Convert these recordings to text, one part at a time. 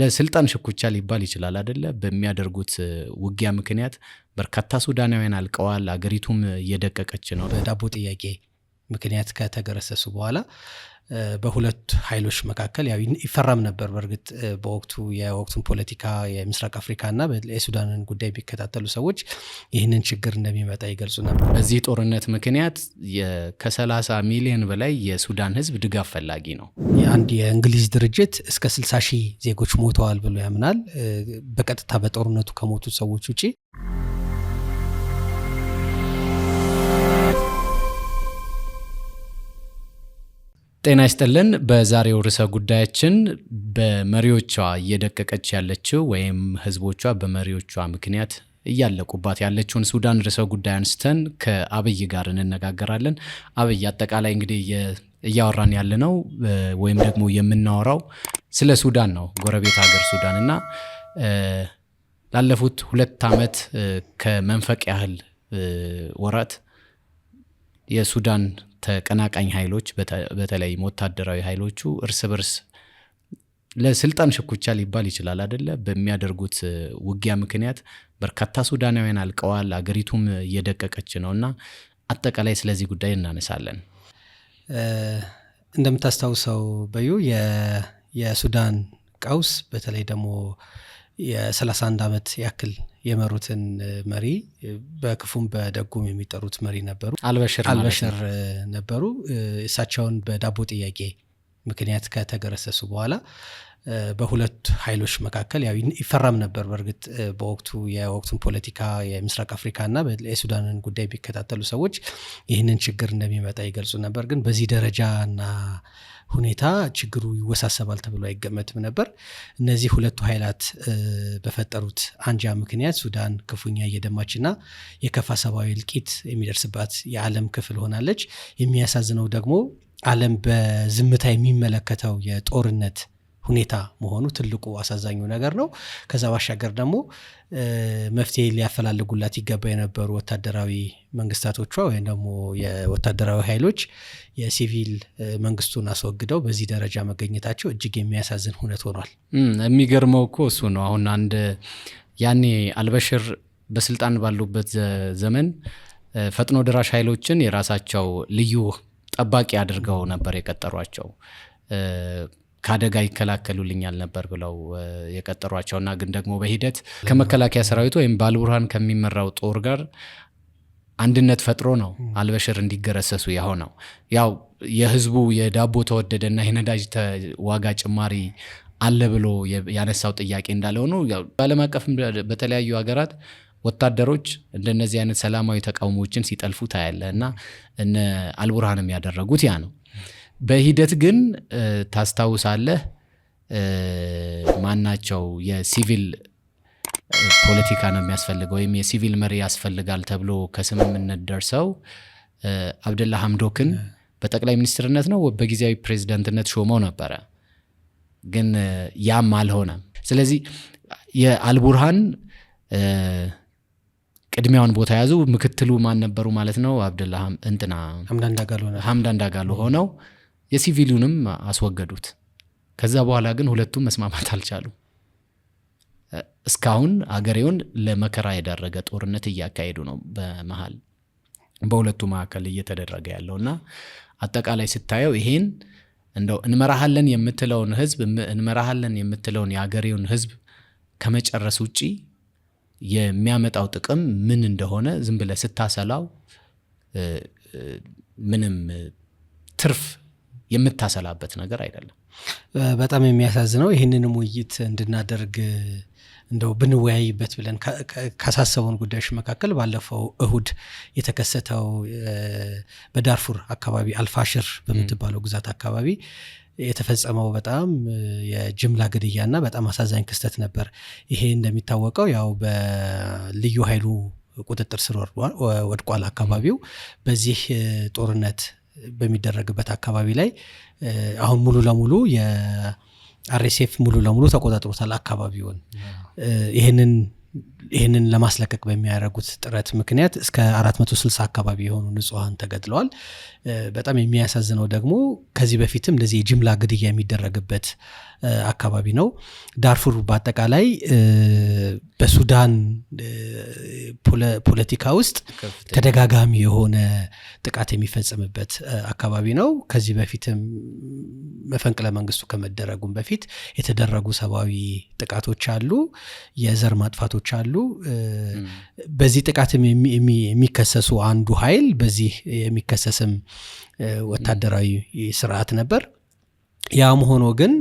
ለስልጣን ሽኩቻ ሊባል ይችላል አደለ? በሚያደርጉት ውጊያ ምክንያት በርካታ ሱዳናውያን አልቀዋል። አገሪቱም እየደቀቀች ነው። በዳቦ ጥያቄ ምክንያት ከተገረሰሱ በኋላ በሁለት ኃይሎች መካከል ያው ይፈራም ነበር። በእርግጥ በወቅቱ የወቅቱን ፖለቲካ የምስራቅ አፍሪካ እና የሱዳንን ጉዳይ የሚከታተሉ ሰዎች ይህንን ችግር እንደሚመጣ ይገልጹ ነበር። በዚህ ጦርነት ምክንያት ከ30 ሚሊዮን በላይ የሱዳን ሕዝብ ድጋፍ ፈላጊ ነው። አንድ የእንግሊዝ ድርጅት እስከ 60 ሺህ ዜጎች ሞተዋል ብሎ ያምናል። በቀጥታ በጦርነቱ ከሞቱት ሰዎች ውጪ ጤና ይስጥልን። በዛሬው ርዕሰ ጉዳያችን በመሪዎቿ እየደቀቀች ያለችው ወይም ህዝቦቿ በመሪዎቿ ምክንያት እያለቁባት ያለችውን ሱዳን ርዕሰ ጉዳይ አንስተን ከአብይ ጋር እንነጋገራለን። አብይ አጠቃላይ እንግዲህ እያወራን ያለ ነው ወይም ደግሞ የምናወራው ስለ ሱዳን ነው፣ ጎረቤት ሀገር ሱዳን እና ላለፉት ሁለት ዓመት ከመንፈቅ ያህል ወራት የሱዳን ተቀናቃኝ ኃይሎች በተለይም ወታደራዊ ኃይሎቹ እርስ በርስ ለስልጣን ሽኩቻ ሊባል ይችላል አደለ? በሚያደርጉት ውጊያ ምክንያት በርካታ ሱዳናውያን አልቀዋል። አገሪቱም እየደቀቀች ነው እና አጠቃላይ ስለዚህ ጉዳይ እናነሳለን። እንደምታስታውሰው በዩ የሱዳን ቀውስ በተለይ ደግሞ የ31 ዓመት ያክል የመሩትን መሪ በክፉም በደጉም የሚጠሩት መሪ ነበሩ። አልበሽር ነበሩ። እሳቸውን በዳቦ ጥያቄ ምክንያት ከተገረሰሱ በኋላ በሁለት ኃይሎች መካከል ያው ይፈራም ነበር። በእርግጥ በወቅቱ የወቅቱን ፖለቲካ የምስራቅ አፍሪካና የሱዳንን ጉዳይ የሚከታተሉ ሰዎች ይህንን ችግር እንደሚመጣ ይገልጹ ነበር። ግን በዚህ እና ሁኔታ ችግሩ ይወሳሰባል ተብሎ አይገመትም ነበር። እነዚህ ሁለቱ ኃይላት በፈጠሩት አንጃ ምክንያት ሱዳን ክፉኛ እየደማችና የከፋ ሰብአዊ እልቂት የሚደርስባት የዓለም ክፍል ሆናለች። የሚያሳዝነው ደግሞ ዓለም በዝምታ የሚመለከተው የጦርነት ሁኔታ መሆኑ ትልቁ አሳዛኙ ነገር ነው። ከዛ ባሻገር ደግሞ መፍትሄ ሊያፈላልጉላት ይገባ የነበሩ ወታደራዊ መንግስታቶቿ ወይም ደግሞ የወታደራዊ ኃይሎች የሲቪል መንግስቱን አስወግደው በዚህ ደረጃ መገኘታቸው እጅግ የሚያሳዝን ሁነት ሆኗል። የሚገርመው እኮ እሱ ነው። አሁን አንድ ያኔ አልበሽር በስልጣን ባሉበት ዘመን ፈጥኖ ደራሽ ኃይሎችን የራሳቸው ልዩ ጠባቂ አድርገው ነበር የቀጠሯቸው። ከአደጋ ይከላከሉልኛል ነበር ብለው የቀጠሯቸውና ግን ደግሞ በሂደት ከመከላከያ ሰራዊቱ ወይም ባልቡርሃን ከሚመራው ጦር ጋር አንድነት ፈጥሮ ነው አልበሽር እንዲገረሰሱ የሆነው። ያው የህዝቡ የዳቦ ተወደደና የነዳጅ ዋጋ ጭማሪ አለ ብሎ ያነሳው ጥያቄ እንዳለ ሆኖ በዓለም አቀፍ በተለያዩ ሀገራት ወታደሮች እንደነዚህ አይነት ሰላማዊ ተቃውሞዎችን ሲጠልፉ ታያለ እና እነ አልቡርሃንም ያደረጉት ያ ነው። በሂደት ግን ታስታውሳለህ ማናቸው የሲቪል ፖለቲካ ነው የሚያስፈልገው ወይም የሲቪል መሪ ያስፈልጋል ተብሎ ከስምምነት ደርሰው አብደላ ሀምዶክን በጠቅላይ ሚኒስትርነት ነው በጊዜያዊ ፕሬዚደንትነት ሾመው ነበረ። ግን ያም አልሆነም። ስለዚህ የአልቡርሃን ቅድሚያውን ቦታ ያዙ። ምክትሉ ማን ነበሩ ማለት ነው? አብደላ እንትና ሀምዳን ዳጋሎ ሆነው የሲቪሉንም አስወገዱት። ከዛ በኋላ ግን ሁለቱም መስማማት አልቻሉ እስካሁን አገሬውን ለመከራ የዳረገ ጦርነት እያካሄዱ ነው በመሀል በሁለቱ መካከል እየተደረገ ያለው እና አጠቃላይ ስታየው ይሄን እንደው እንመራሃለን የምትለውን ህዝብ እንመራሃለን የምትለውን የአገሬውን ህዝብ ከመጨረስ ውጪ የሚያመጣው ጥቅም ምን እንደሆነ ዝም ብለህ ስታሰላው ምንም ትርፍ የምታሰላበት ነገር አይደለም። በጣም የሚያሳዝነው ይህንንም ውይይት እንድናደርግ እንደው ብንወያይበት ብለን ካሳሰቡን ጉዳዮች መካከል ባለፈው እሁድ የተከሰተው በዳርፉር አካባቢ አልፋሽር በምትባለው ግዛት አካባቢ የተፈጸመው በጣም የጅምላ ግድያና በጣም አሳዛኝ ክስተት ነበር። ይሄ እንደሚታወቀው ያው በልዩ ኃይሉ ቁጥጥር ስር ወድቋል አካባቢው። በዚህ ጦርነት በሚደረግበት አካባቢ ላይ አሁን ሙሉ ለሙሉ የአርኤስኤፍ ሙሉ ለሙሉ ተቆጣጥሮታል አካባቢውን። ይህንን ይህንን ለማስለቀቅ በሚያደርጉት ጥረት ምክንያት እስከ 460 አካባቢ የሆኑ ንጹሐን ተገድለዋል። በጣም የሚያሳዝነው ደግሞ ከዚህ በፊትም እንደዚህ የጅምላ ግድያ የሚደረግበት አካባቢ ነው። ዳርፉር በአጠቃላይ በሱዳን ፖለቲካ ውስጥ ተደጋጋሚ የሆነ ጥቃት የሚፈጸምበት አካባቢ ነው። ከዚህ በፊትም መፈንቅለ መንግስቱ ከመደረጉም በፊት የተደረጉ ሰብአዊ ጥቃቶች አሉ፣ የዘር ማጥፋቶች አሉ። በዚህ ጥቃትም የሚከሰሱ አንዱ ኃይል በዚህ የሚከሰስም ወታደራዊ ስርዓት ነበር። ያም ሆኖ ግን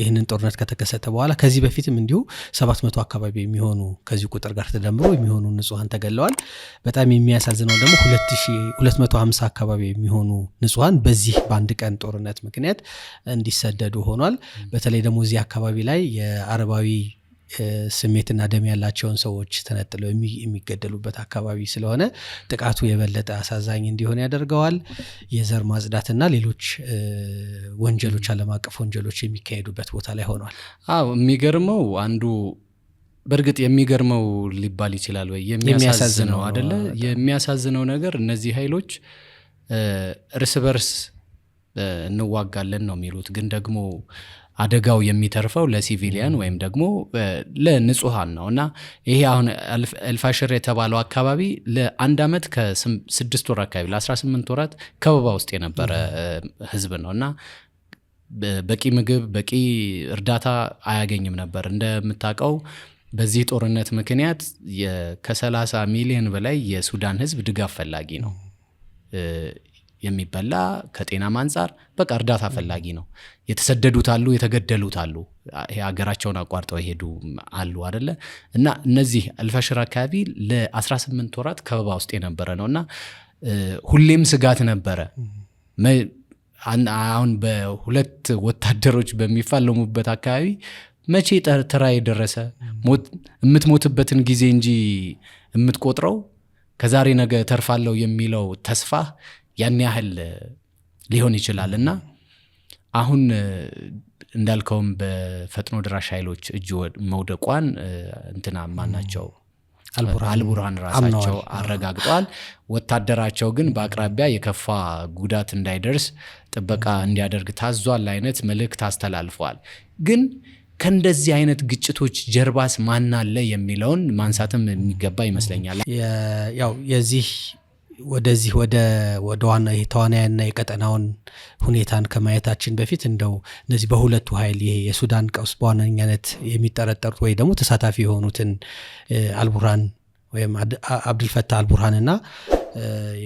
ይህንን ጦርነት ከተከሰተ በኋላ ከዚህ በፊትም እንዲሁ ሰባት መቶ አካባቢ የሚሆኑ ከዚህ ቁጥር ጋር ተደምሮ የሚሆኑ ንጹሐን ተገለዋል። በጣም የሚያሳዝነው ደግሞ ሁለት መቶ ሀምሳ አካባቢ የሚሆኑ ንጹሐን በዚህ በአንድ ቀን ጦርነት ምክንያት እንዲሰደዱ ሆኗል። በተለይ ደግሞ እዚህ አካባቢ ላይ የአረባዊ ስሜትና ደም ያላቸውን ሰዎች ተነጥለው የሚገደሉበት አካባቢ ስለሆነ ጥቃቱ የበለጠ አሳዛኝ እንዲሆን ያደርገዋል። የዘር ማጽዳትና ሌሎች ወንጀሎች፣ ዓለም አቀፍ ወንጀሎች የሚካሄዱበት ቦታ ላይ ሆኗል። አዎ የሚገርመው አንዱ በእርግጥ የሚገርመው ሊባል ይችላል ወይ የሚያሳዝነው አደለ? የሚያሳዝነው ነገር እነዚህ ኃይሎች እርስ በርስ እንዋጋለን ነው የሚሉት ግን ደግሞ አደጋው የሚተርፈው ለሲቪሊያን ወይም ደግሞ ለንጹሐን ነው እና ይሄ አሁን ኤልፋሽር የተባለው አካባቢ ለአንድ ዓመት ከስድስት ወር አካባቢ ለ18 ወራት ከበባ ውስጥ የነበረ ህዝብ ነው እና በቂ ምግብ በቂ እርዳታ አያገኝም ነበር። እንደምታውቀው በዚህ ጦርነት ምክንያት ከ30 ሚሊዮን በላይ የሱዳን ህዝብ ድጋፍ ፈላጊ ነው። የሚበላ ከጤናም አንጻር በቃ እርዳታ ፈላጊ ነው። የተሰደዱት አሉ፣ የተገደሉት አሉ፣ ሀገራቸውን አቋርጠው የሄዱ አሉ አደለ እና እነዚህ አልፈሽር አካባቢ ለ18 ወራት ከበባ ውስጥ የነበረ ነው እና ሁሌም ስጋት ነበረ። አሁን በሁለት ወታደሮች በሚፋለሙበት አካባቢ መቼ ተራ የደረሰ የምትሞትበትን ጊዜ እንጂ የምትቆጥረው ከዛሬ ነገ ተርፋለው የሚለው ተስፋ ያን ያህል ሊሆን ይችላል እና አሁን እንዳልከውም በፈጥኖ ድራሽ ኃይሎች እጅ መውደቋን እንትና ማናቸው አልቡርሃን ራሳቸው አረጋግጠዋል። ወታደራቸው ግን በአቅራቢያ የከፋ ጉዳት እንዳይደርስ ጥበቃ እንዲያደርግ ታዟል አይነት መልእክት አስተላልፈዋል። ግን ከእንደዚህ አይነት ግጭቶች ጀርባስ ማናለ የሚለውን ማንሳትም የሚገባ ይመስለኛል። ያው የዚህ ወደዚህ ወደ ወደ ዋና የተዋናያና የቀጠናውን ሁኔታን ከማየታችን በፊት እንደው እነዚህ በሁለቱ ኃይል ይሄ የሱዳን ቀውስ በዋነኛነት የሚጠረጠሩት ወይ ደግሞ ተሳታፊ የሆኑትን አልቡርሃን ወይም አብድልፈታ አልቡርሃን ና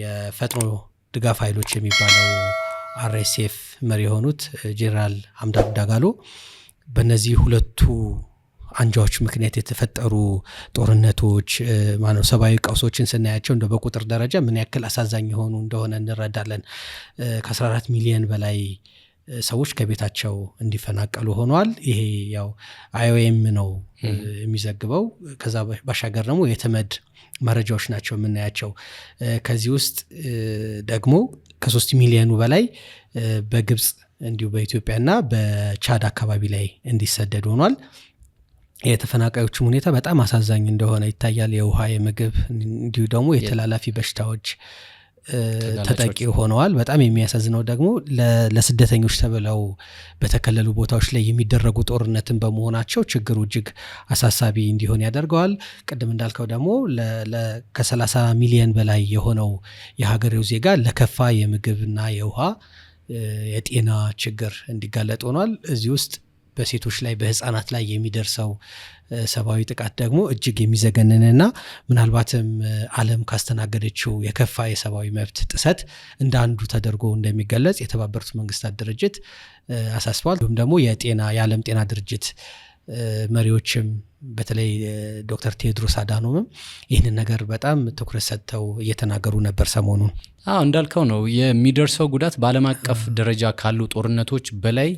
የፈጥኖ ድጋፍ ኃይሎች የሚባለው አርኤስኤፍ መሪ የሆኑት ጄኔራል አምዳብ ዳጋሎ በእነዚህ ሁለቱ አንጃዎች ምክንያት የተፈጠሩ ጦርነቶች ማነው ሰብአዊ ቀውሶችን ስናያቸው እንደ በቁጥር ደረጃ ምን ያክል አሳዛኝ የሆኑ እንደሆነ እንረዳለን። ከ14 ሚሊዮን በላይ ሰዎች ከቤታቸው እንዲፈናቀሉ ሆኗል ይሄ ያው አይኦኤም ነው የሚዘግበው። ከዛ ባሻገር ደግሞ የተመድ መረጃዎች ናቸው የምናያቸው። ከዚህ ውስጥ ደግሞ ከሶስት ሚሊዮኑ በላይ በግብፅ እንዲሁ በኢትዮጵያ ና በቻድ አካባቢ ላይ እንዲሰደድ ሆኗል። የተፈናቃዮችም ሁኔታ በጣም አሳዛኝ እንደሆነ ይታያል። የውሃ፣ የምግብ እንዲሁ ደግሞ የተላላፊ በሽታዎች ተጠቂ ሆነዋል። በጣም የሚያሳዝነው ደግሞ ለስደተኞች ተብለው በተከለሉ ቦታዎች ላይ የሚደረጉ ጦርነትን በመሆናቸው ችግሩ እጅግ አሳሳቢ እንዲሆን ያደርገዋል። ቅድም እንዳልከው ደግሞ ከ30 ሚሊየን በላይ የሆነው የሀገሬው ዜጋ ለከፋ የምግብና የውሃ የጤና ችግር እንዲጋለጥ ሆኗል። እዚህ ውስጥ በሴቶች ላይ በህፃናት ላይ የሚደርሰው ሰብአዊ ጥቃት ደግሞ እጅግ የሚዘገንንና ምናልባትም ዓለም ካስተናገደችው የከፋ የሰብአዊ መብት ጥሰት እንደ አንዱ ተደርጎ እንደሚገለጽ የተባበሩት መንግስታት ድርጅት አሳስቧል። ወይም ደግሞ የጤና የዓለም ጤና ድርጅት መሪዎችም በተለይ ዶክተር ቴዎድሮስ አዳኖምም ይህንን ነገር በጣም ትኩረት ሰጥተው እየተናገሩ ነበር ሰሞኑን። አዎ እንዳልከው ነው የሚደርሰው ጉዳት በዓለም አቀፍ ደረጃ ካሉ ጦርነቶች በላይ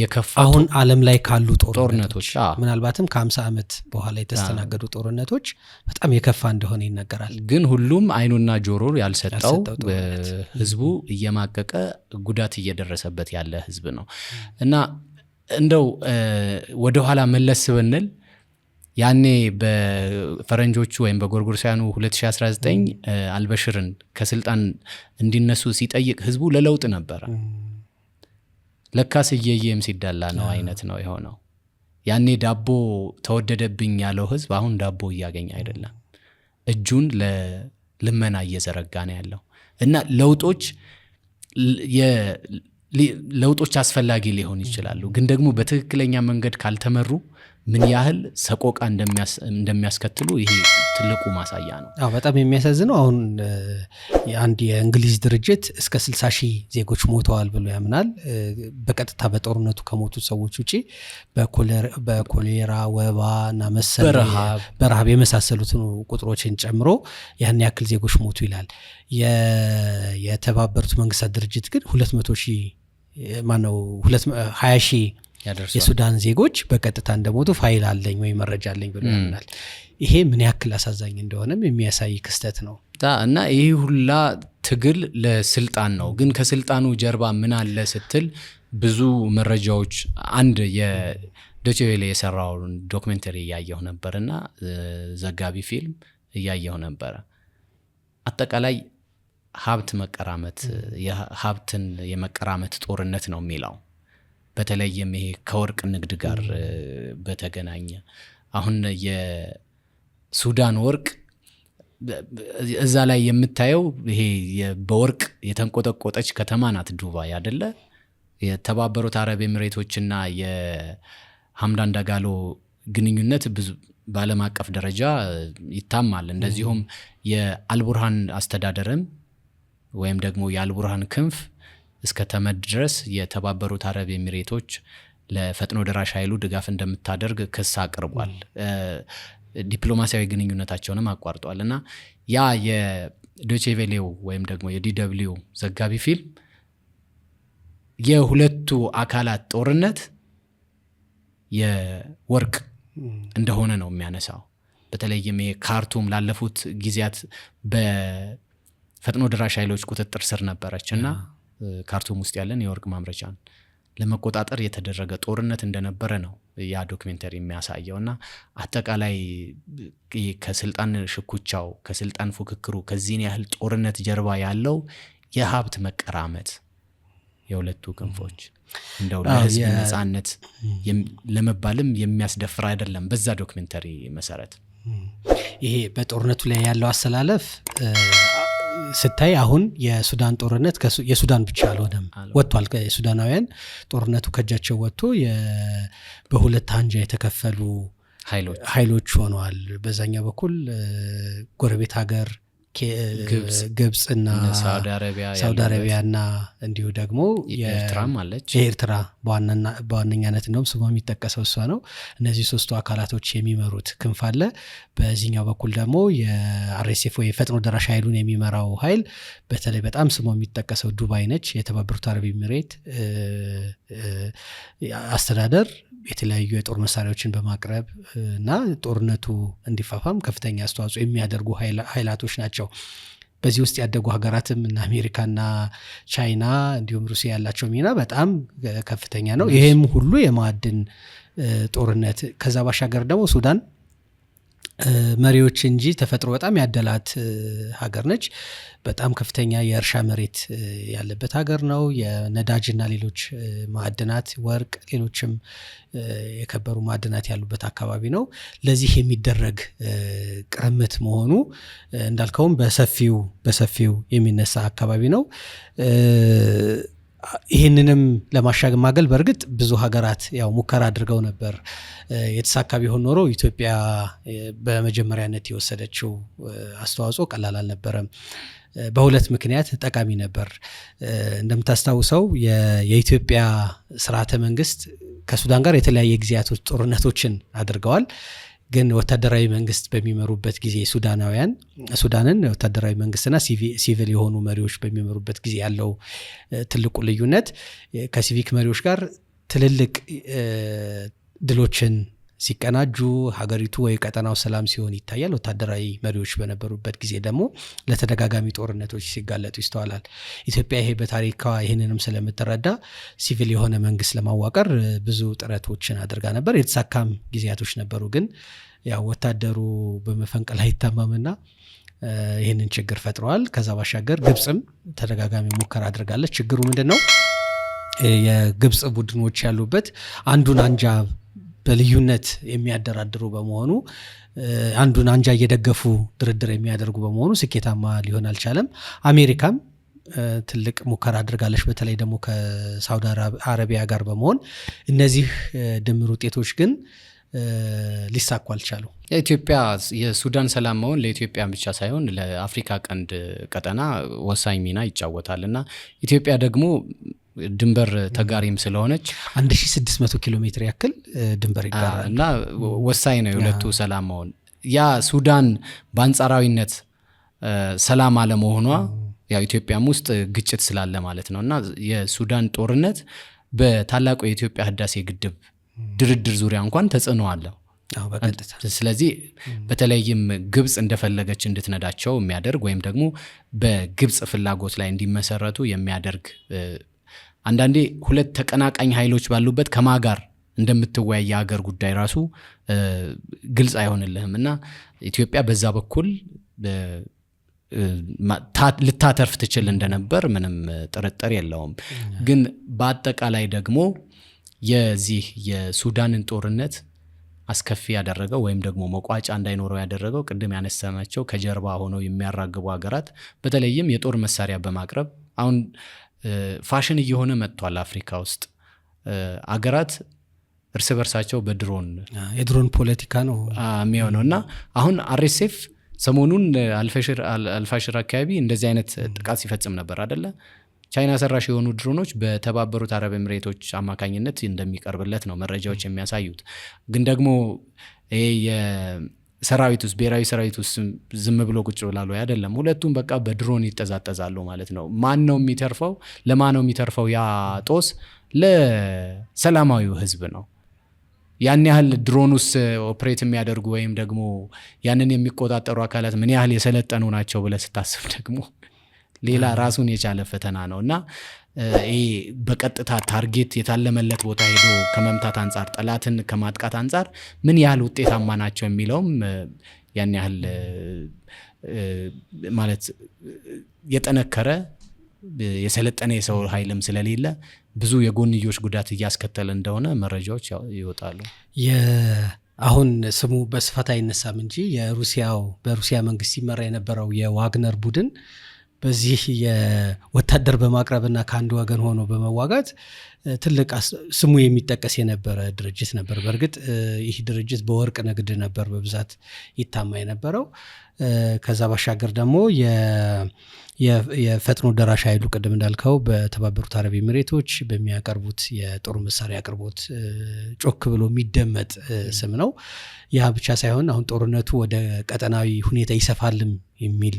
የከፋ አሁን ዓለም ላይ ካሉ ጦርነቶች ምናልባትም ከ ዓመት በኋላ የተስተናገዱ ጦርነቶች በጣም የከፋ እንደሆነ ይነገራል። ግን ሁሉም አይኑና ጆሮ ያልሰጠው ህዝቡ እየማቀቀ ጉዳት እየደረሰበት ያለ ህዝብ ነው እና እንደው ወደኋላ መለስ ብንል ያኔ በፈረንጆቹ ወይም በጎርጎሮሳውያኑ 2019 አልበሽርን ከስልጣን እንዲነሱ ሲጠይቅ ህዝቡ ለለውጥ ነበረ ለካስ እየየም ሲዳላ ነው አይነት ነው የሆነው። ያኔ ዳቦ ተወደደብኝ ያለው ህዝብ አሁን ዳቦ እያገኘ አይደለም፣ እጁን ለልመና እየዘረጋ ነው ያለው እና ለውጦች ለውጦች አስፈላጊ ሊሆን ይችላሉ፣ ግን ደግሞ በትክክለኛ መንገድ ካልተመሩ ምን ያህል ሰቆቃ እንደሚያስከትሉ ይሄ ትልቁ ማሳያ ነው። አዎ በጣም የሚያሳዝነው አሁን አንድ የእንግሊዝ ድርጅት እስከ 60 ሺህ ዜጎች ሞተዋል ብሎ ያምናል። በቀጥታ በጦርነቱ ከሞቱት ሰዎች ውጪ በኮሌራ ወባ እና መሰል በረሃብ የመሳሰሉትን ቁጥሮችን ጨምሮ ያን ያክል ዜጎች ሞቱ ይላል። የተባበሩት መንግስታት ድርጅት ግን ሁለት መቶ ሺህ ማነው ሀያ ሺህ የሱዳን ዜጎች በቀጥታ እንደሞቱ ፋይል አለኝ ወይ መረጃ አለኝ ብሎ ያምናል። ይሄ ምን ያክል አሳዛኝ እንደሆነም የሚያሳይ ክስተት ነው እና ይህ ሁላ ትግል ለስልጣን ነው። ግን ከስልጣኑ ጀርባ ምን አለ ስትል ብዙ መረጃዎች አንድ የዶቼ የሰራውን ዶክሜንተሪ እያየሁ እና ዘጋቢ ፊልም እያየሁ ነበረ። አጠቃላይ ሀብት መቀራመት፣ ሀብትን የመቀራመት ጦርነት ነው የሚለው በተለይም ይሄ ከወርቅ ንግድ ጋር በተገናኘ አሁን የሱዳን ወርቅ እዛ ላይ የምታየው ይሄ በወርቅ የተንቆጠቆጠች ከተማ ናት ዱባይ አደለ? የተባበሩት አረብ ኤምሬቶችና የሐምዳን ዳጋሎ ግንኙነት ብዙ በአለም አቀፍ ደረጃ ይታማል። እንደዚሁም የአልቡርሃን አስተዳደርም ወይም ደግሞ የአልቡርሃን ክንፍ እስከ ተመድ ድረስ የተባበሩት አረብ ኤሚሬቶች ለፈጥኖ ደራሽ ኃይሉ ድጋፍ እንደምታደርግ ክስ አቅርቧል። ዲፕሎማሲያዊ ግንኙነታቸውንም አቋርጧል እና ያ የዶቼቬሌው ወይም ደግሞ የዲደብሊው ዘጋቢ ፊልም የሁለቱ አካላት ጦርነት የወርቅ እንደሆነ ነው የሚያነሳው። በተለይም ካርቱም ላለፉት ጊዜያት በፈጥኖ ደራሽ ኃይሎች ቁጥጥር ስር ነበረች እና ካርቱም ውስጥ ያለን የወርቅ ማምረቻን ለመቆጣጠር የተደረገ ጦርነት እንደነበረ ነው ያ ዶክሜንተሪ የሚያሳየው እና አጠቃላይ ከስልጣን ሽኩቻው፣ ከስልጣን ፉክክሩ፣ ከዚህን ያህል ጦርነት ጀርባ ያለው የሀብት መቀራመት የሁለቱ ክንፎች እንደው ለህዝብ ነጻነት ለመባልም የሚያስደፍር አይደለም። በዛ ዶክሜንተሪ መሰረት ይሄ በጦርነቱ ላይ ያለው አሰላለፍ ስታይ አሁን የሱዳን ጦርነት የሱዳን ብቻ አልሆነም፣ ወጥቷል። የሱዳናውያን ጦርነቱ ከእጃቸው ወጥቶ በሁለት አንጃ የተከፈሉ ኃይሎች ሆነዋል። በዛኛው በኩል ጎረቤት ሀገር ግብፅና ሳውዲ አረቢያና እንዲሁ ደግሞ የኤርትራ በዋነኛነት እንደውም ስሟ የሚጠቀሰው እሷ ነው። እነዚህ ሶስቱ አካላቶች የሚመሩት ክንፍ አለ። በዚህኛው በኩል ደግሞ የአርኤስኤፍ ወይ የፈጥኖ ደራሽ ኃይሉን የሚመራው ኃይል በተለይ በጣም ስሟ የሚጠቀሰው ዱባይ ነች። የተባበሩት አረብ ኤሚሬት አስተዳደር የተለያዩ የጦር መሳሪያዎችን በማቅረብ እና ጦርነቱ እንዲፋፋም ከፍተኛ አስተዋጽኦ የሚያደርጉ ኃይላቶች ናቸው። በዚህ ውስጥ ያደጉ ሀገራትም እና አሜሪካና ቻይና እንዲሁም ሩሲያ ያላቸው ሚና በጣም ከፍተኛ ነው። ይህም ሁሉ የማዕድን ጦርነት ከዛ ባሻገር ደግሞ ሱዳን መሪዎች እንጂ ተፈጥሮ በጣም ያደላት ሀገር ነች። በጣም ከፍተኛ የእርሻ መሬት ያለበት ሀገር ነው። የነዳጅና ሌሎች ማዕድናት፣ ወርቅ፣ ሌሎችም የከበሩ ማዕድናት ያሉበት አካባቢ ነው። ለዚህ የሚደረግ ቅርምት መሆኑ እንዳልከውም በሰፊው በሰፊው የሚነሳ አካባቢ ነው። ይህንንም ለማሻገር ማገል በእርግጥ ብዙ ሀገራት ያው ሙከራ አድርገው ነበር። የተሳካ ቢሆን ኖሮ ኢትዮጵያ በመጀመሪያነት የወሰደችው አስተዋጽኦ ቀላል አልነበረም። በሁለት ምክንያት ጠቃሚ ነበር። እንደምታስታውሰው የኢትዮጵያ ስርዓተ መንግስት ከሱዳን ጋር የተለያየ ጊዜያቶች ጦርነቶችን አድርገዋል። ግን ወታደራዊ መንግስት በሚመሩበት ጊዜ ሱዳናውያን ሱዳንን ወታደራዊ መንግስትና ሲቪል የሆኑ መሪዎች በሚመሩበት ጊዜ ያለው ትልቁ ልዩነት ከሲቪክ መሪዎች ጋር ትልልቅ ድሎችን ሲቀናጁ ሀገሪቱ ወይ ቀጠናው ሰላም ሲሆን ይታያል። ወታደራዊ መሪዎች በነበሩበት ጊዜ ደግሞ ለተደጋጋሚ ጦርነቶች ሲጋለጡ ይስተዋላል። ኢትዮጵያ ይሄ በታሪካዋ ይህንንም ስለምትረዳ ሲቪል የሆነ መንግስት ለማዋቀር ብዙ ጥረቶችን አድርጋ ነበር። የተሳካም ጊዜያቶች ነበሩ። ግን ያው ወታደሩ በመፈንቅል አይታማምና ይህንን ችግር ፈጥረዋል። ከዛ ባሻገር ግብፅም ተደጋጋሚ ሙከራ አድርጋለች። ችግሩ ምንድን ነው? የግብፅ ቡድኖች ያሉበት አንዱን አንጃ በልዩነት የሚያደራድሩ በመሆኑ አንዱን አንጃ እየደገፉ ድርድር የሚያደርጉ በመሆኑ ስኬታማ ሊሆን አልቻለም። አሜሪካም ትልቅ ሙከራ አድርጋለች። በተለይ ደግሞ ከሳውዲ አረቢያ ጋር በመሆን እነዚህ ድምር ውጤቶች ግን ሊሳኩ አልቻሉ። የኢትዮጵያ የሱዳን ሰላም መሆን ለኢትዮጵያ ብቻ ሳይሆን ለአፍሪካ ቀንድ ቀጠና ወሳኝ ሚና ይጫወታል እና ኢትዮጵያ ደግሞ ድንበር ተጋሪም ስለሆነች 1600 ኪሎ ሜትር ያክል ድንበር ይጋራል እና ወሳኝ ነው የሁለቱ ሰላም መሆን። ያ ሱዳን በአንጻራዊነት ሰላም አለመሆኗ ያው ኢትዮጵያም ውስጥ ግጭት ስላለ ማለት ነው እና የሱዳን ጦርነት በታላቁ የኢትዮጵያ ህዳሴ ግድብ ድርድር ዙሪያ እንኳን ተጽዕኖ አለው። ስለዚህ በተለይም ግብፅ እንደፈለገች እንድትነዳቸው የሚያደርግ ወይም ደግሞ በግብፅ ፍላጎት ላይ እንዲመሰረቱ የሚያደርግ አንዳንዴ ሁለት ተቀናቃኝ ኃይሎች ባሉበት ከማ ጋር እንደምትወያይ የሀገር ጉዳይ ራሱ ግልጽ አይሆንልህም እና ኢትዮጵያ በዛ በኩል ልታተርፍ ትችል እንደነበር ምንም ጥርጥር የለውም። ግን በአጠቃላይ ደግሞ የዚህ የሱዳንን ጦርነት አስከፊ ያደረገው ወይም ደግሞ መቋጫ እንዳይኖረው ያደረገው ቅድም ያነሳናቸው ከጀርባ ሆነው የሚያራግቡ ሀገራት በተለይም የጦር መሳሪያ በማቅረብ አሁን ፋሽን እየሆነ መጥቷል። አፍሪካ ውስጥ አገራት እርስ በርሳቸው በድሮን የድሮን ፖለቲካ ነው የሚሆነው እና አሁን አርኤስኤፍ ሰሞኑን አልፋሽር አካባቢ እንደዚህ አይነት ጥቃት ሲፈጽም ነበር አደለ? ቻይና ሰራሽ የሆኑ ድሮኖች በተባበሩት አረብ ኤምሬቶች አማካኝነት እንደሚቀርብለት ነው መረጃዎች የሚያሳዩት። ግን ደግሞ ይሄ ሰራዊት ውስጥ ብሔራዊ ሰራዊት ውስጥ ዝም ብሎ ቁጭ ብላሉ አይደለም። ሁለቱም በቃ በድሮን ይጠዛጠዛሉ ማለት ነው። ማን ነው የሚተርፈው? ለማ ነው የሚተርፈው? ያ ጦስ ለሰላማዊው ህዝብ ነው። ያን ያህል ድሮን ውስጥ ኦፕሬት የሚያደርጉ ወይም ደግሞ ያንን የሚቆጣጠሩ አካላት ምን ያህል የሰለጠኑ ናቸው ብለህ ስታስብ ደግሞ ሌላ ራሱን የቻለ ፈተና ነው እና ይሄ በቀጥታ ታርጌት የታለመለት ቦታ ሄዶ ከመምታት አንጻር ጠላትን ከማጥቃት አንጻር ምን ያህል ውጤታማ ናቸው የሚለውም ያን ያህል ማለት የጠነከረ የሰለጠነ የሰው ኃይልም ስለሌለ ብዙ የጎንዮሽ ጉዳት እያስከተለ እንደሆነ መረጃዎች ይወጣሉ። አሁን ስሙ በስፋት አይነሳም እንጂ የሩሲያው በሩሲያ መንግስት ሲመራ የነበረው የዋግነር ቡድን በዚህ የወታደር በማቅረብና ከአንድ ወገን ሆኖ በመዋጋት ትልቅ ስሙ የሚጠቀስ የነበረ ድርጅት ነበር። በእርግጥ ይህ ድርጅት በወርቅ ንግድ ነበር በብዛት ይታማ የነበረው። ከዛ ባሻገር ደግሞ የፈጥኖ ደራሽ ኃይሉ ቅድም እንዳልከው በተባበሩት አረብ ኤሚሬቶች በሚያቀርቡት የጦር መሳሪያ አቅርቦት ጮክ ብሎ የሚደመጥ ስም ነው። ያ ብቻ ሳይሆን አሁን ጦርነቱ ወደ ቀጠናዊ ሁኔታ ይሰፋልም የሚል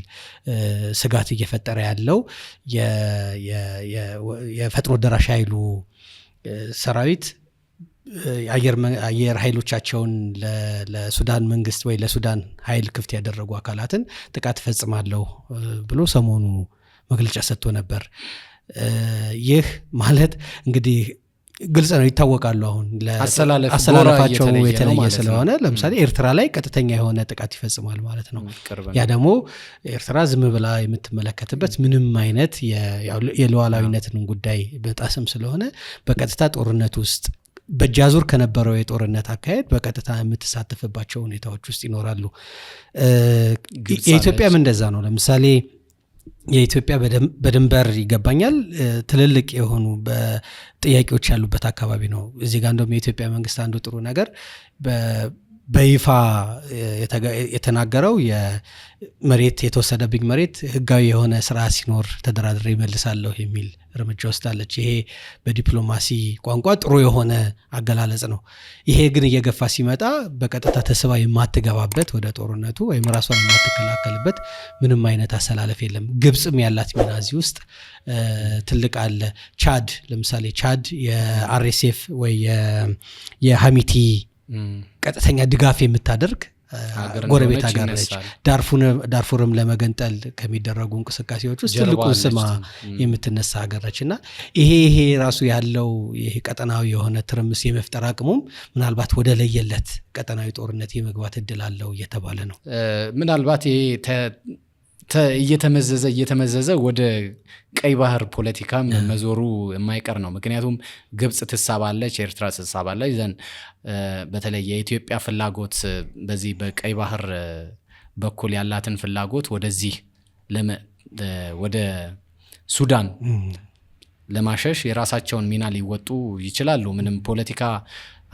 ስጋት እየፈጠረ ያለው የፈጥኖ ደራሽ ኃይሉ ሰራዊት አየር ኃይሎቻቸውን ለሱዳን መንግስት ወይ ለሱዳን ኃይል ክፍት ያደረጉ አካላትን ጥቃት እፈጽማለሁ ብሎ ሰሞኑ መግለጫ ሰጥቶ ነበር። ይህ ማለት እንግዲህ ግልጽ ነው፣ ይታወቃሉ። አሁን አሰላለፋቸው የተለየ ስለሆነ ለምሳሌ ኤርትራ ላይ ቀጥተኛ የሆነ ጥቃት ይፈጽማል ማለት ነው። ያ ደግሞ ኤርትራ ዝም ብላ የምትመለከትበት ምንም አይነት የለዋላዊነትን ጉዳይ በጣስም ስለሆነ በቀጥታ ጦርነት ውስጥ በጃዙር ከነበረው የጦርነት አካሄድ በቀጥታ የምትሳተፍባቸው ሁኔታዎች ውስጥ ይኖራሉ። የኢትዮጵያም እንደዛ ነው። ለምሳሌ የኢትዮጵያ በድንበር ይገባኛል ትልልቅ የሆኑ ጥያቄዎች ያሉበት አካባቢ ነው። እዚህ ጋር የኢትዮጵያ መንግስት አንዱ ጥሩ ነገር በይፋ የተናገረው የመሬት የተወሰደብኝ መሬት ህጋዊ የሆነ ስርዓት ሲኖር ተደራድሬ ይመልሳለሁ የሚል እርምጃ ወስዳለች። ይሄ በዲፕሎማሲ ቋንቋ ጥሩ የሆነ አገላለጽ ነው። ይሄ ግን እየገፋ ሲመጣ በቀጥታ ተስባ የማትገባበት ወደ ጦርነቱ ወይም ራሷን የማትከላከልበት ምንም አይነት አሰላለፍ የለም። ግብፅም ያላት ሚና እዚህ ውስጥ ትልቅ አለ። ቻድ ለምሳሌ ቻድ የአርኤስኤፍ ወይ የሀሚቲ ቀጥተኛ ድጋፍ የምታደርግ ጎረቤት ሀገር ነች። ዳርፉርም ለመገንጠል ከሚደረጉ እንቅስቃሴዎች ውስጥ ትልቁ ስማ የምትነሳ ሀገር ነች እና ይሄ ይሄ ራሱ ያለው ይሄ ቀጠናዊ የሆነ ትርምስ የመፍጠር አቅሙም ምናልባት ወደ ለየለት ቀጠናዊ ጦርነት የመግባት እድል አለው እየተባለ ነው ምናልባት እየተመዘዘ እየተመዘዘ ወደ ቀይ ባህር ፖለቲካም መዞሩ የማይቀር ነው። ምክንያቱም ግብፅ ትሳባለች፣ ኤርትራ ትሳባለች። ዘን በተለይ የኢትዮጵያ ፍላጎት በዚህ በቀይ ባህር በኩል ያላትን ፍላጎት ወደዚህ ወደ ሱዳን ለማሸሽ የራሳቸውን ሚና ሊወጡ ይችላሉ። ምንም ፖለቲካ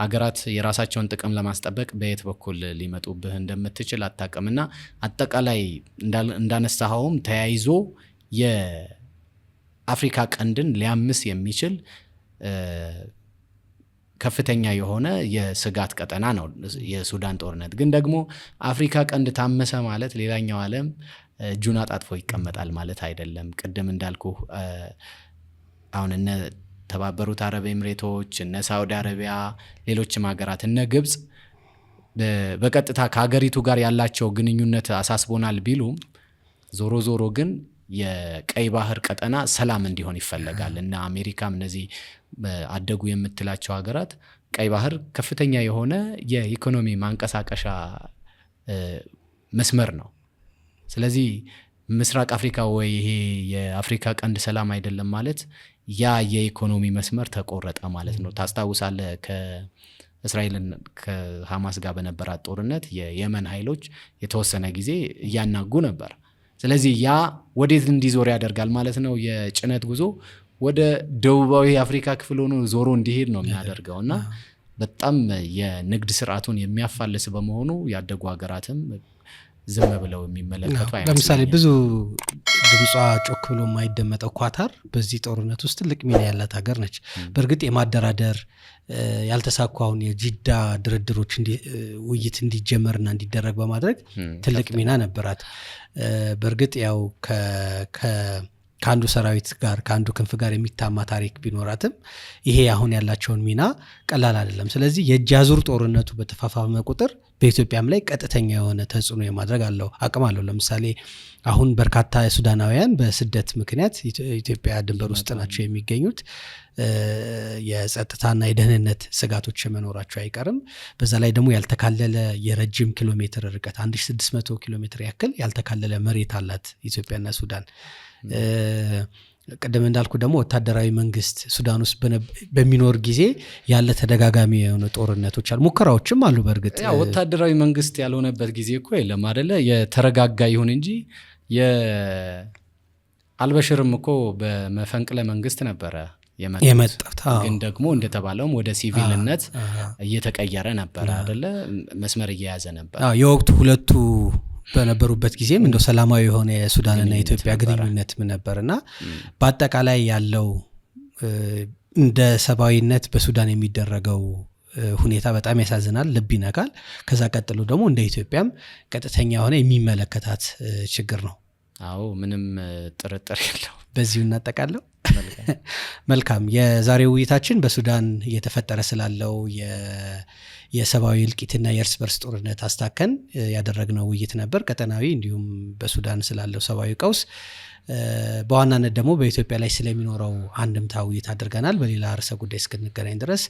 አገራት የራሳቸውን ጥቅም ለማስጠበቅ በየት በኩል ሊመጡብህ እንደምትችል አታውቅምና አጠቃላይ እንዳነሳኸውም ተያይዞ የአፍሪካ ቀንድን ሊያምስ የሚችል ከፍተኛ የሆነ የስጋት ቀጠና ነው የሱዳን ጦርነት። ግን ደግሞ አፍሪካ ቀንድ ታመሰ ማለት ሌላኛው ዓለም እጁን አጣጥፎ ይቀመጣል ማለት አይደለም። ቅድም እንዳልኩ አሁን ተባበሩት አረብ ኤምሬቶች፣ እነ ሳውዲ አረቢያ፣ ሌሎችም ሀገራት እነ ግብፅ በቀጥታ ከሀገሪቱ ጋር ያላቸው ግንኙነት አሳስቦናል ቢሉም ዞሮ ዞሮ ግን የቀይ ባህር ቀጠና ሰላም እንዲሆን ይፈለጋል እና አሜሪካም እነዚህ አደጉ የምትላቸው ሀገራት ቀይ ባህር ከፍተኛ የሆነ የኢኮኖሚ ማንቀሳቀሻ መስመር ነው። ስለዚህ ምስራቅ አፍሪካ ወይ ይሄ የአፍሪካ ቀንድ ሰላም አይደለም ማለት ያ የኢኮኖሚ መስመር ተቆረጠ ማለት ነው። ታስታውሳለ ከእስራኤልን ከሐማስ ጋር በነበራት ጦርነት የየመን ኃይሎች የተወሰነ ጊዜ እያናጉ ነበር። ስለዚህ ያ ወዴት እንዲዞር ያደርጋል ማለት ነው። የጭነት ጉዞ ወደ ደቡባዊ አፍሪካ ክፍል ሆኖ ዞሮ እንዲሄድ ነው የሚያደርገው እና በጣም የንግድ ስርዓቱን የሚያፋልስ በመሆኑ ያደጉ ሀገራትም ዝም ብለው የሚመለከቱ ለምሳሌ ብዙ ድምጿ ጮክ ብሎ የማይደመጠው ኳታር በዚህ ጦርነት ውስጥ ትልቅ ሚና ያላት ሀገር ነች። በእርግጥ የማደራደር ያልተሳኩ የጂዳ ድርድሮች ውይይት እንዲጀመርና እንዲደረግ በማድረግ ትልቅ ሚና ነበራት። በእርግጥ ያው ከአንዱ ሰራዊት ጋር ከአንዱ ክንፍ ጋር የሚታማ ታሪክ ቢኖራትም ይሄ አሁን ያላቸውን ሚና ቀላል አይደለም። ስለዚህ የእጃዙር ጦርነቱ በተፋፋመ ቁጥር በኢትዮጵያም ላይ ቀጥተኛ የሆነ ተጽዕኖ የማድረግ አለው አቅም አለው። ለምሳሌ አሁን በርካታ ሱዳናውያን በስደት ምክንያት ኢትዮጵያ ድንበር ውስጥ ናቸው የሚገኙት። የጸጥታና የደህንነት ስጋቶች መኖራቸው አይቀርም። በዛ ላይ ደግሞ ያልተካለለ የረጅም ኪሎ ሜትር ርቀት 1600 ኪሎ ሜትር ያክል ያልተካለለ መሬት አላት ኢትዮጵያና ሱዳን። ቅድም እንዳልኩ ደግሞ ወታደራዊ መንግስት ሱዳን ውስጥ በሚኖር ጊዜ ያለ ተደጋጋሚ የሆነ ጦርነቶች አሉ፣ ሙከራዎችም አሉ። በእርግጥ ወታደራዊ መንግስት ያልሆነበት ጊዜ እኮ የለም አደለ? የተረጋጋ ይሁን እንጂ የአልበሽርም እኮ በመፈንቅለ መንግስት ነበረ የመጡት ግን ደግሞ እንደተባለውም ወደ ሲቪልነት እየተቀየረ ነበረ አደለ መስመር እየያዘ ነበር የወቅቱ ሁለቱ በነበሩበት ጊዜም እንደ ሰላማዊ የሆነ የሱዳንና የኢትዮጵያ ግንኙነት ነበር እና በአጠቃላይ ያለው እንደ ሰብአዊነት በሱዳን የሚደረገው ሁኔታ በጣም ያሳዝናል፣ ልብ ይነካል። ከዛ ቀጥሎ ደግሞ እንደ ኢትዮጵያም ቀጥተኛ የሆነ የሚመለከታት ችግር ነው። አዎ ምንም ጥርጥር የለው። በዚሁ እናጠቃለው። መልካም። የዛሬ ውይይታችን በሱዳን እየተፈጠረ ስላለው የሰብአዊ እልቂትና የእርስ በርስ ጦርነት አስታከን ያደረግነው ውይይት ነበር። ቀጠናዊ እንዲሁም በሱዳን ስላለው ሰብአዊ ቀውስ በዋናነት ደግሞ በኢትዮጵያ ላይ ስለሚኖረው አንድምታ ውይይት አድርገናል። በሌላ ርዕሰ ጉዳይ እስክንገናኝ ድረስ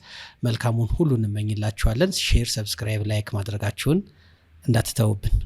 መልካሙን ሁሉ እንመኝላችኋለን። ሼር፣ ሰብስክራይብ፣ ላይክ ማድረጋችሁን እንዳትተውብን።